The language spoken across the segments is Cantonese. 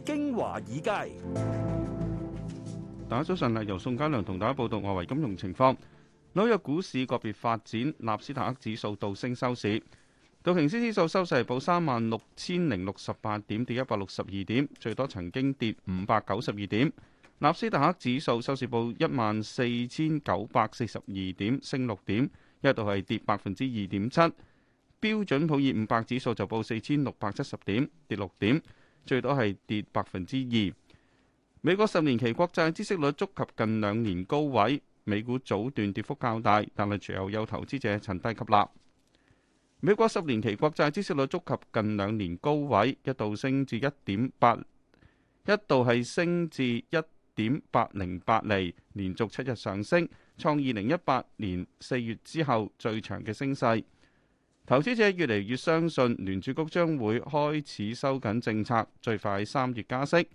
經華爾街，大家早晨，好，由宋嘉良同大家報道外圍金融情況。紐約股市個別發展，納斯達克指數倒升收市，道瓊斯指數收市報三萬六千零六十八點，跌一百六十二點，最多曾經跌五百九十二點。納斯達克指數收市報一萬四千九百四十二點，升六點，一度係跌百分之二點七。標準普爾五百指數就報四千六百七十點，跌六點。最多係跌百分之二。美國十年期國債孳息率觸及近兩年高位，美股早段跌幅較大，但係隨後有投資者趁低吸納。美國十年期國債孳息率觸及近兩年高位，一度升至一點八，一度係升至一點八零八厘，連續七日上升，創二零一八年四月之後最長嘅升勢。投資者越嚟越相信聯儲局將會開始收緊政策，最快三月加息。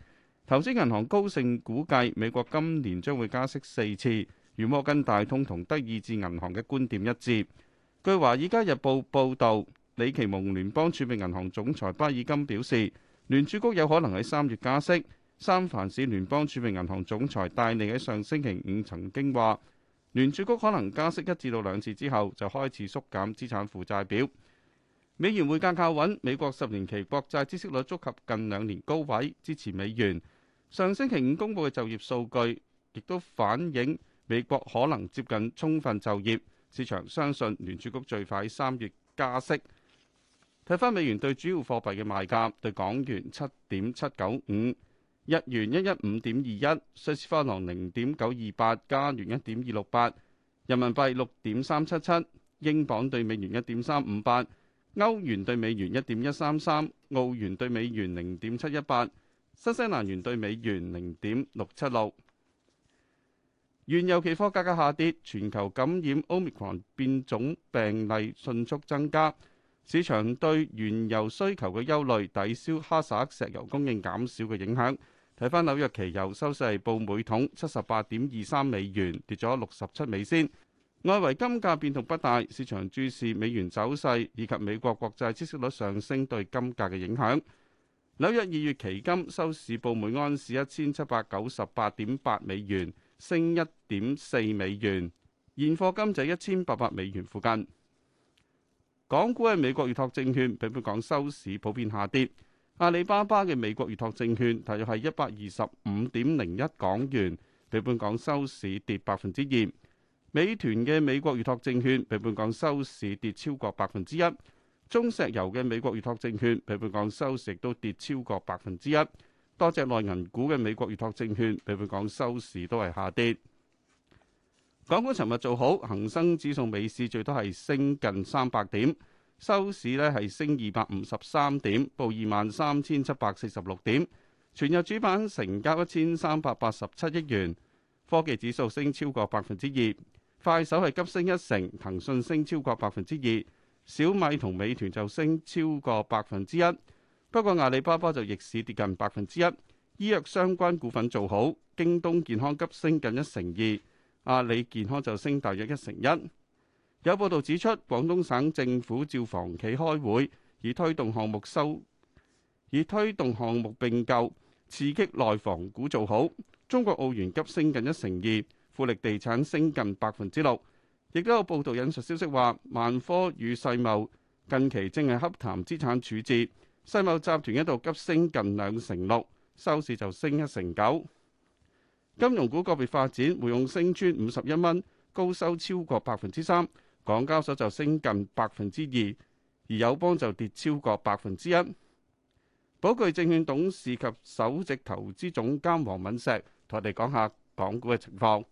投資銀行高盛估計美國今年將會加息四次，與摩根大通同德意志銀行嘅觀點一致。據《華爾街日報》報導，李奇蒙聯邦儲備銀行總裁巴爾金表示，聯儲局有可能喺三月加息。三藩市聯邦儲備銀行總裁戴利喺上星期五曾經話：聯儲局可能加息一至到兩次之後，就開始縮減資產負債表。美元匯價靠穩，美國十年期國債孳息率觸及近兩年高位，支持美元。上星期五公佈嘅就業數據，亦都反映美國可能接近充分就業。市場相信聯儲局最快三月加息。睇翻美元對主要貨幣嘅賣價，對港元七點七九五。日元一一五點二一，瑞士法郎零點九二八，加元一點二六八，人民幣六點三七七，英鎊對美元一點三五八，歐元對美元一點一三三，澳元對美元零點七一八，新西蘭元對美元零點六七六。原油期貨價格下跌，全球感染奧密克戎變種病例迅速增加，市場對原油需求嘅憂慮抵消哈薩克石油供應減少嘅影響。睇翻紐約期油收市報每桶七十八點二三美元，跌咗六十七美仙。外圍金價變動不大，市場注視美元走勢以及美國國債孳息率上升對金價嘅影響。紐約二月期金收市報每安士一千七百九十八點八美元，升一點四美元。現貨金就一千八百美元附近。港股喺美國預託證券比香港收市普遍下跌。阿里巴巴嘅美國預託證券，大約係一百二十五點零一港元，比本港收市跌百分之二。美團嘅美國預託證券，比本港收市跌超過百分之一。中石油嘅美國預託證券，比本港收市都跌超過百分之一。多隻內銀股嘅美國預託證券，比本港收市都係下跌。港股尋日做好，恒生指數美市最多係升近三百點。收市呢，係升二百五十三點，報二萬三千七百四十六點。全日主板成交一千三百八十七億元，科技指數升超過百分之二。快手係急升一成，騰訊升超過百分之二，小米同美團就升超過百分之一。不過阿里巴巴就逆市跌近百分之一。醫藥相關股份做好，京東健康急升近一成二，阿里健康就升大約一成一。有報道指出，廣東省政府召房企開會，以推動項目收，以推動項目並購，刺激內房股做好。中國澳元急升近一成二，富力地產升近百分之六。亦都有報道引述消息話，萬科與世茂近期正係洽談資產處置，世茂集團一度急升近兩成六，收市就升一成九。金融股個別發展，匯用升穿五十一蚊，高收超過百分之三。港交所就升近百分之二，而友邦就跌超過百分之一。寶具證券董事及首席投資總監黃敏石同我哋講下港股嘅情況。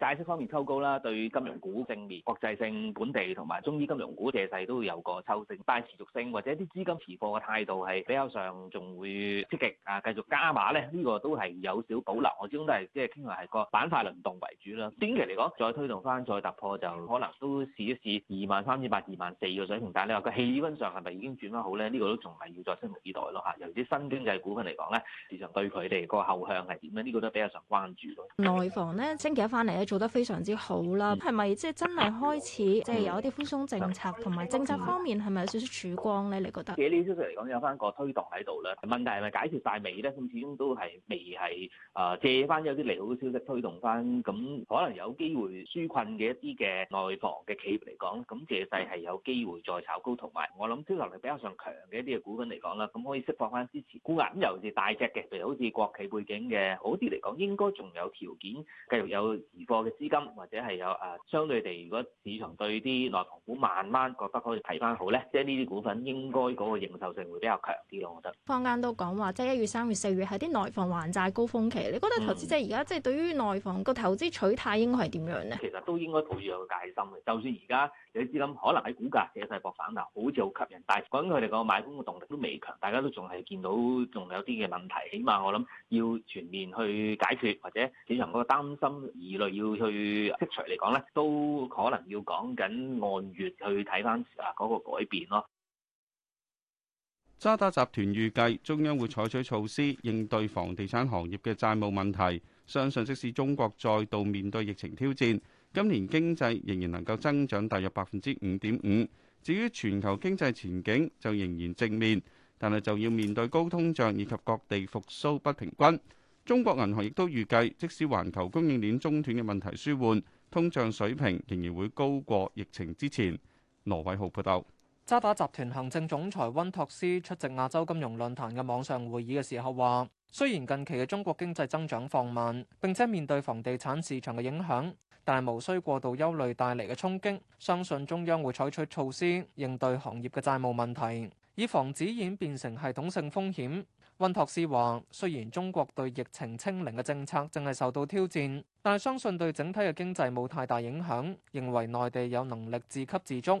債息方面抽高啦，對金融股正面，國際性、本地同埋中資金融股嘅勢都會有個抽升，但係持續性或者啲資金持貨嘅態度係比較上仲會積極啊，繼續加碼咧，呢個都係有少保留。我始終都係即係傾向係個板塊輪動為主咯。短期嚟講再推動翻再突破就可能都試一試二萬三千八、二萬四個水平，但係你話個氣温上係咪已經轉翻好咧？呢個都仲係要再拭目以待咯嚇。尤其啲新經濟股份嚟講咧，市場對佢哋個後向係點咧？呢個都比較上關注咯。內房咧，星期一翻嚟。做得非常之好啦，咁係咪即係真係開始即係有一啲寬鬆政策，同埋、嗯、政策方面係咪有些少少曙光咧？你覺得？呢啲消息嚟講有翻個推動喺度啦，問題係咪解決晒未咧？咁始終都係未係啊、呃、借翻有啲利好消息推動翻，咁可能有機會紓困嘅一啲嘅內房嘅企業嚟講，咁借勢係有機會再炒高，同埋我諗銷售力比較上強嘅一啲嘅股份嚟講啦，咁可以釋放翻支持股壓。咁尤其是大隻嘅，譬如好似國企背景嘅，好啲嚟講應該仲有條件繼續有個嘅資金或者係有、啊、相對地，如果市場對啲內房股慢慢覺得可以睇翻好咧，即係呢啲股份應該嗰個認受性會比較強啲咯，我覺得。坊間都講話，即係一月、三月、四月係啲內房還債高峰期，你覺得投資者而家、嗯、即係對於內房個投資取態應該係點樣咧？其實都應該抱有個戒心嘅。就算而家有啲資金可能喺股價嘅勢博反彈，好似好吸引，但係講緊佢哋個買盤嘅動力都未強，大家都仲係見到仲有啲嘅問題。起碼我諗要全面去解決，或者市場嗰個擔心疑慮要要去剔除嚟講呢，都可能要講緊按月去睇翻啊嗰個改變咯。渣打集團預計中央會採取措施應對房地產行業嘅債務問題。相信即使中國再度面對疫情挑戰，今年經濟仍然能夠增長大約百分之五點五。至於全球經濟前景就仍然正面，但係就要面對高通脹以及各地復甦不平均。中國銀行亦都預計，即使環球供應鏈中斷嘅問題舒緩，通脹水平仍然會高過疫情之前。羅偉浩報道。渣打集團行政總裁温托斯出席亞洲金融論壇嘅網上會議嘅時候話：雖然近期嘅中國經濟增長放慢，並且面對房地產市場嘅影響，但係無需過度憂慮帶嚟嘅衝擊。相信中央會採取措施應對行業嘅債務問題，以防止演變成系統性風險。温托斯話：雖然中國對疫情清零嘅政策正係受到挑戰，但係相信對整體嘅經濟冇太大影響，認為內地有能力自給自足。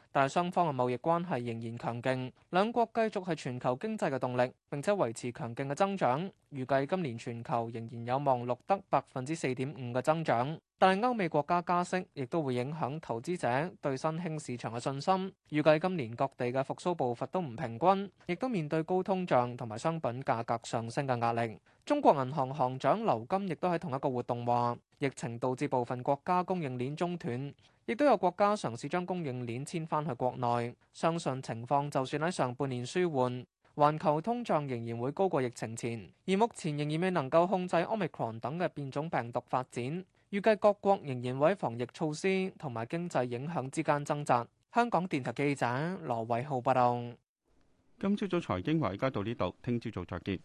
但係，雙方嘅貿易關係仍然強勁，兩國繼續係全球經濟嘅動力，並且維持強勁嘅增長。預計今年全球仍然有望錄得百分之四點五嘅增長。但係，歐美國家加息亦都會影響投資者對新興市場嘅信心。預計今年各地嘅復甦步伐都唔平均，亦都面對高通脹同埋商品價格上升嘅壓力。中國銀行行長劉金亦都喺同一個活動話，疫情導致部分國家供應鏈中斷，亦都有國家嘗試將供應鏈遷翻去國內。相信情況就算喺上半年舒緩，環球通脹仍然會高過疫情前，而目前仍然未能夠控制 Omicron 等嘅變種病毒發展。預計各國仍然會防疫措施同埋經濟影響之間掙扎。香港電台記者羅偉浩報道。今朝早財經華爾街而家到呢度，聽朝早再見。